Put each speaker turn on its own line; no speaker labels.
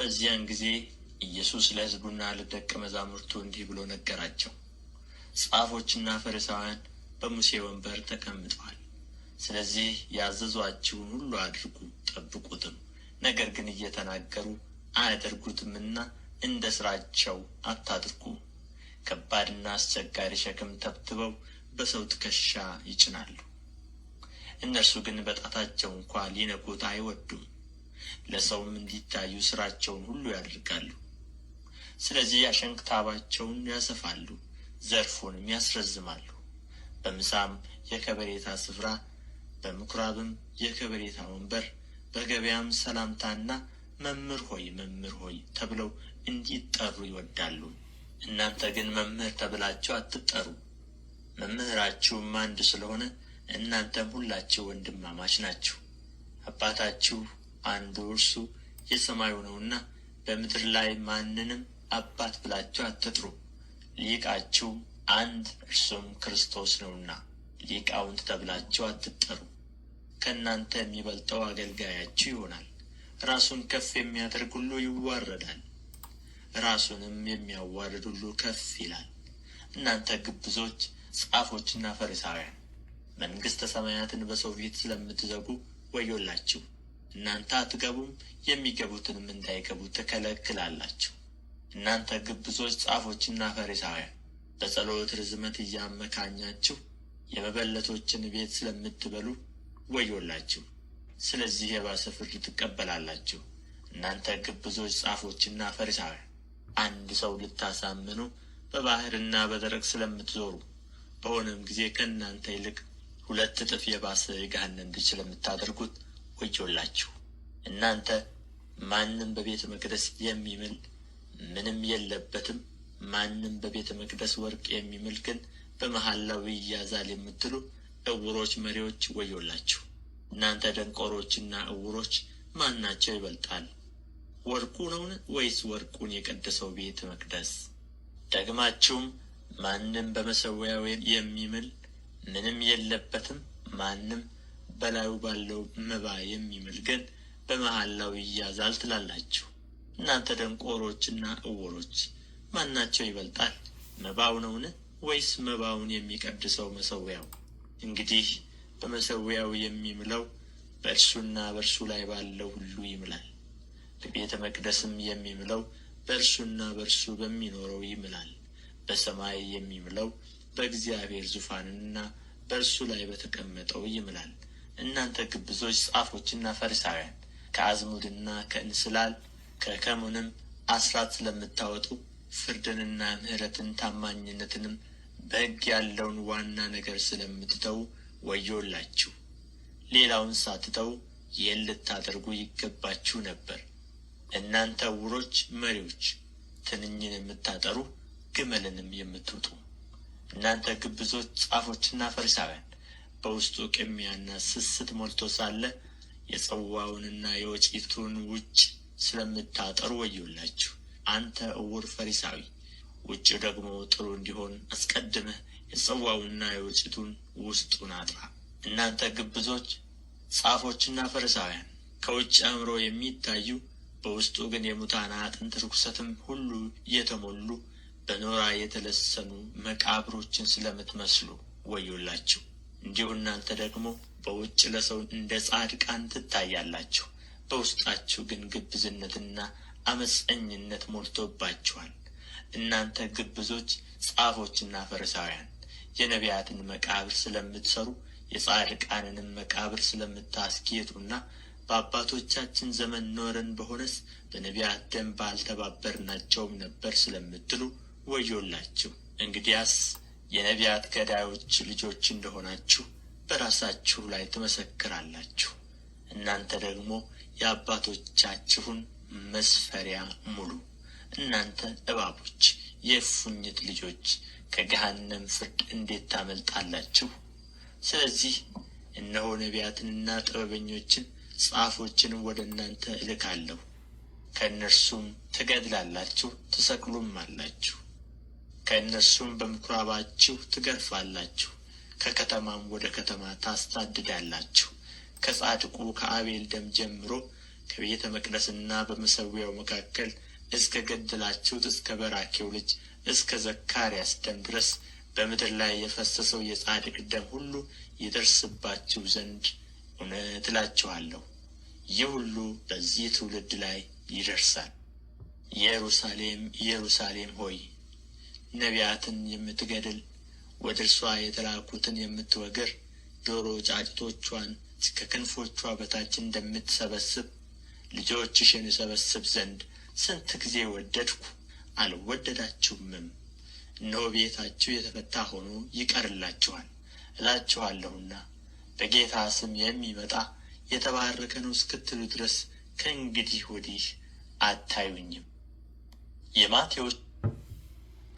በዚያን ጊዜ ኢየሱስ ለሕዝቡና ለደቀ መዛሙርቱ እንዲህ ብሎ ነገራቸው። ጻፎችና ፈሪሳውያን በሙሴ ወንበር ተቀምጠዋል። ስለዚህ ያዘዟችሁን ሁሉ አድርጉ፣ ጠብቁትም። ነገር ግን እየተናገሩ አያደርጉትምና እንደ ስራቸው አታድርጉ። ከባድና አስቸጋሪ ሸክም ተብትበው በሰው ትከሻ ይጭናሉ። እነርሱ ግን በጣታቸው እንኳ ሊነኩት አይወዱም። ለሰውም እንዲታዩ ስራቸውን ሁሉ ያደርጋሉ። ስለዚህ አሸንክታባቸውን ያሰፋሉ፣ ዘርፉንም ያስረዝማሉ። በምሳም የከበሬታ ስፍራ፣ በምኩራብም የከበሬታ ወንበር፣ በገበያም ሰላምታና መምህር ሆይ መምህር ሆይ ተብለው እንዲጠሩ ይወዳሉ። እናንተ ግን መምህር ተብላችሁ አትጠሩ፣ መምህራችሁም አንድ ስለሆነ እናንተም ሁላችሁ ወንድማማች ናችሁ። አባታችሁ አንዱ እርሱ የሰማዩ ነውና በምድር ላይ ማንንም አባት ብላችሁ አትጥሩ፣ ሊቃችሁም አንድ እርሱም ክርስቶስ ነውና ሊቃውንት ተብላችሁ አትጠሩ። ከእናንተ የሚበልጠው አገልጋያችሁ ይሆናል። ራሱን ከፍ የሚያደርግ ሁሉ ይዋረዳል፣ ራሱንም የሚያዋርድ ሁሉ ከፍ ይላል። እናንተ ግብዞች ጻፎችና ፈሪሳውያን፣ መንግሥተ ሰማያትን በሰው ፊት ስለምትዘጉ ወዮላችሁ። እናንተ አትገቡም፣ የሚገቡትንም እንዳይገቡ ትከለክላላችሁ። እናንተ ግብዞች ጻፎችና ፈሪሳውያን በጸሎት ርዝመት እያመካኛችሁ የመበለቶችን ቤት ስለምትበሉ ወዮላችሁ። ስለዚህ የባሰ ፍርድ ትቀበላላችሁ። እናንተ ግብዞች ጻፎችና ፈሪሳውያን አንድ ሰው ልታሳምኑ በባህርና በደረቅ ስለምትዞሩ በሆነም ጊዜ ከእናንተ ይልቅ ሁለት እጥፍ የባሰ የገሃነም ልጅ ስለምታደርጉት ወዮላችሁ እናንተ ማንም በቤተ መቅደስ የሚምል ምንም የለበትም፣ ማንም በቤተ መቅደስ ወርቅ የሚምል ግን በመሐላው ይያዛል የምትሉ እውሮች መሪዎች ወዮላችሁ። እናንተ ደንቆሮችና እውሮች ማናቸው ይበልጣል? ወርቁ ነውን? ወይስ ወርቁን የቀደሰው ቤተ መቅደስ? ደግማችሁም ማንም በመሠዊያው የሚምል ምንም የለበትም፣ ማንም በላዩ ባለው መባ የሚምል ግን በመሐላው ይያዛል ትላላችሁ። እናንተ ደንቆሮችና እውሮች ማናቸው ይበልጣል? መባው ነውን? ወይስ መባውን የሚቀድሰው መሰዊያው? እንግዲህ በመሰዊያው የሚምለው በእርሱና በእርሱ ላይ ባለው ሁሉ ይምላል። በቤተ መቅደስም የሚምለው በእርሱና በእርሱ በሚኖረው ይምላል። በሰማይ የሚምለው በእግዚአብሔር ዙፋንና በእርሱ ላይ በተቀመጠው ይምላል። እናንተ ግብዞች ጻፎችና ፈሪሳውያን ከአዝሙድና ከእንስላል ከከሙንም አስራት ስለምታወጡ ፍርድንና ምሕረትን ታማኝነትንም በሕግ ያለውን ዋና ነገር ስለምትተው ወዮላችሁ። ሌላውን ሳትተው ይህን ልታደርጉ ይገባችሁ ነበር። እናንተ ዕውሮች መሪዎች፣ ትንኝን የምታጠሩ ግመልንም የምትውጡ እናንተ ግብዞች ጻፎችና ፈሪሳውያን በውስጡ ቅሚያና ስስት ሞልቶ ሳለ የጸዋውንና የወጪቱን ውጭ ስለምታጠሩ ወዮላችሁ። አንተ እውር ፈሪሳዊ፣ ውጭው ደግሞ ጥሩ እንዲሆን አስቀድመህ የጸዋውንና የወጪቱን ውስጡን አጥራ። እናንተ ግብዞች፣ ጻፎችና ፈሪሳውያን ከውጭ አእምሮ የሚታዩ በውስጡ ግን የሙታን አጥንት ርኩሰትም ሁሉ እየተሞሉ በኖራ የተለሰኑ መቃብሮችን ስለምትመስሉ ወዮላችሁ። እንዲሁ እናንተ ደግሞ በውጭ ለሰው እንደ ጻድቃን ትታያላችሁ፣ በውስጣችሁ ግን ግብዝነትና አመፀኝነት ሞልቶባችኋል። እናንተ ግብዞች ጻፎችና ፈሪሳውያን የነቢያትን መቃብር ስለምትሰሩ የጻድቃንንም መቃብር ስለምታስጌጡና በአባቶቻችን ዘመን ኖረን በሆነስ በነቢያት ደንብ አልተባበርናቸውም ነበር ስለምትሉ ወዮላችሁ። እንግዲያስ የነቢያት ገዳዮች ልጆች እንደሆናችሁ በራሳችሁ ላይ ትመሰክራላችሁ። እናንተ ደግሞ የአባቶቻችሁን መስፈሪያ ሙሉ። እናንተ እባቦች፣ የእፉኝት ልጆች ከገሃነም ፍርድ እንዴት ታመልጣላችሁ? ስለዚህ እነሆ ነቢያትንና ጥበበኞችን ጻፎችንም ወደ እናንተ እልካለሁ። ከእነርሱም ትገድላላችሁ፣ ትሰቅሉም አላችሁ ከእነርሱም በምኩራባችሁ ትገርፋላችሁ፣ ከከተማም ወደ ከተማ ታስታድዳላችሁ። ከጻድቁ ከአቤል ደም ጀምሮ ከቤተ መቅደስና በመሠዊያው መካከል እስከ ገደላችሁት እስከ በራኪው ልጅ እስከ ዘካርያስ ደም ድረስ በምድር ላይ የፈሰሰው የጻድቅ ደም ሁሉ ይደርስባችሁ ዘንድ እውነት እላችኋለሁ ይህ ሁሉ በዚህ ትውልድ ላይ ይደርሳል። ኢየሩሳሌም ኢየሩሳሌም ሆይ ነቢያትን የምትገድል ወደ እርሷ የተላኩትን የምትወግር ዶሮ ጫጭቶቿን ከክንፎቿ በታች እንደምትሰበስብ ልጆችሽን እሰበስብ ዘንድ ስንት ጊዜ ወደድኩ አልወደዳችሁምም። እነሆ ቤታችሁ የተፈታ ሆኖ ይቀርላችኋል። እላችኋለሁና በጌታ ስም የሚመጣ የተባረከ ነው እስክትሉ ድረስ ከእንግዲህ ወዲህ አታዩኝም። የማቴዎስ